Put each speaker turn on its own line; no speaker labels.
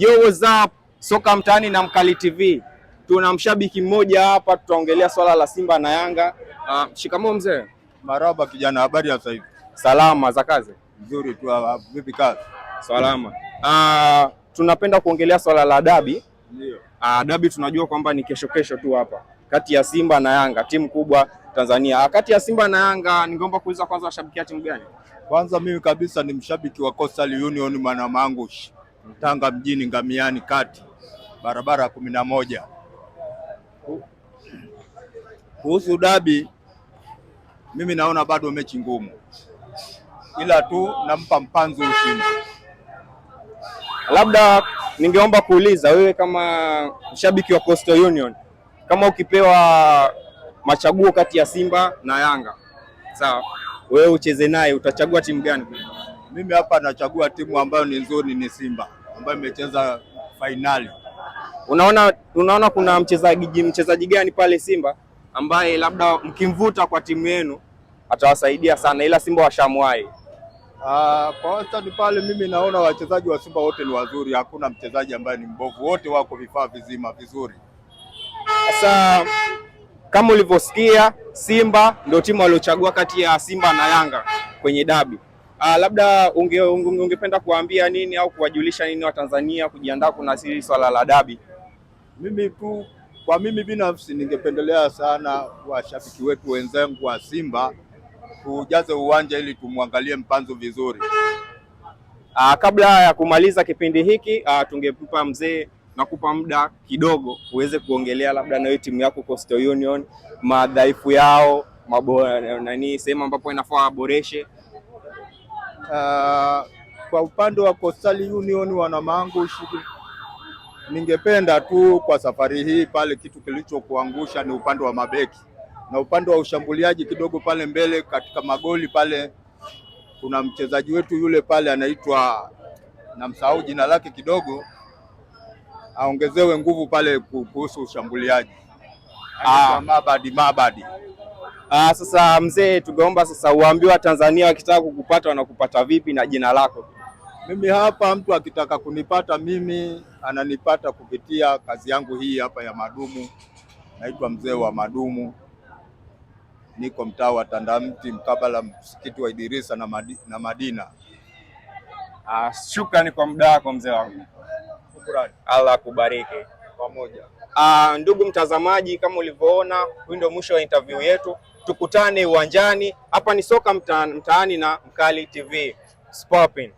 Yo, what's up? Soka mtaani na Mkali TV. Tuna mshabiki mmoja hapa, tutaongelea swala la Simba na Yanga. Uh, shikamoo mzee.
Maraba kijana, habari ya sasa hivi?
Salama za kazi?
Nzuri tu. Ah, vipi kazi?
Salama. Uh, tunapenda kuongelea swala la dabi. Ndio. Uh, dabi tunajua kwamba ni kesho kesho tu hapa kati ya Simba na Yanga, timu kubwa Tanzania. Kati ya Simba na Yanga, ningeomba kuuliza kwanza, washabikia timu gani?
Kwanza mimi kabisa ni mshabiki wa Coastal Union, mwanamaangushi Tanga mjini Ngamiani kati barabara kumi na moja. Kuhusu dabi, mimi naona bado mechi ngumu, ila tu nampa mpanzu ushindi.
Labda ningeomba kuuliza wewe, kama mshabiki wa Coastal Union, kama ukipewa machaguo kati ya Simba na Yanga, sawa, wewe ucheze naye, utachagua timu gani?
Mimi hapa nachagua timu ambayo ni nzuri, ni Simba ambayo imecheza fainali.
Unaona, unaona kuna mchezaji mchezaji gani pale Simba ambaye labda mkimvuta kwa timu yenu atawasaidia sana, ila Simba washamwai
ah, kwa wastani pale mimi naona wachezaji wa Simba wote ni wazuri, hakuna mchezaji ambaye ni mbovu, wote wako vifaa vizima vizuri.
Sasa kama ulivyosikia, Simba ndio timu waliochagua kati ya Simba na Yanga kwenye dabi. Uh, labda unge, unge, ungependa kuwaambia nini au kuwajulisha nini Watanzania kujiandaa kunasiri swala la dabi?
Mimi tu kwa mimi binafsi ningependelea sana washabiki wetu wenzangu wa Simba tujaze uwanja ili tumwangalie mpanzo vizuri.
Uh, kabla ya kumaliza kipindi hiki uh, ah, tungempa mzee nakupa muda kidogo uweze kuongelea labda na timu yako Coastal Union, madhaifu yao mabora, nani sehemu ambapo inafaa aboreshe
Uh, kwa upande wa Coastal Union wana maangushi, ningependa tu kwa safari hii pale kitu kilichokuangusha ni upande wa mabeki na upande wa ushambuliaji kidogo pale mbele katika magoli pale, kuna mchezaji wetu yule pale anaitwa namsahau jina lake kidogo, aongezewe nguvu pale kuhusu ushambuliaji. Ah, Mabadi Mabadi
Aa, ah, sasa mzee, tugeomba sasa uambiwa Tanzania wakitaka kukupata wanakupata vipi na jina lako?
Mimi hapa, mtu akitaka kunipata mimi ananipata kupitia kazi yangu hii hapa ya madumu. Naitwa mzee wa madumu, niko mtaa wa Tandamti mkabala msikiti wa Idirisa na, Madi, na Madina.
Ah, shukrani kwa muda wako mzee wangu. Shukrani. Allah akubariki pamoja. Uh, ndugu mtazamaji, kama ulivyoona, huyu ndio mwisho wa interview yetu. Tukutane uwanjani. Hapa ni soka mtaani, mtaani na Mkali TV. Spapin.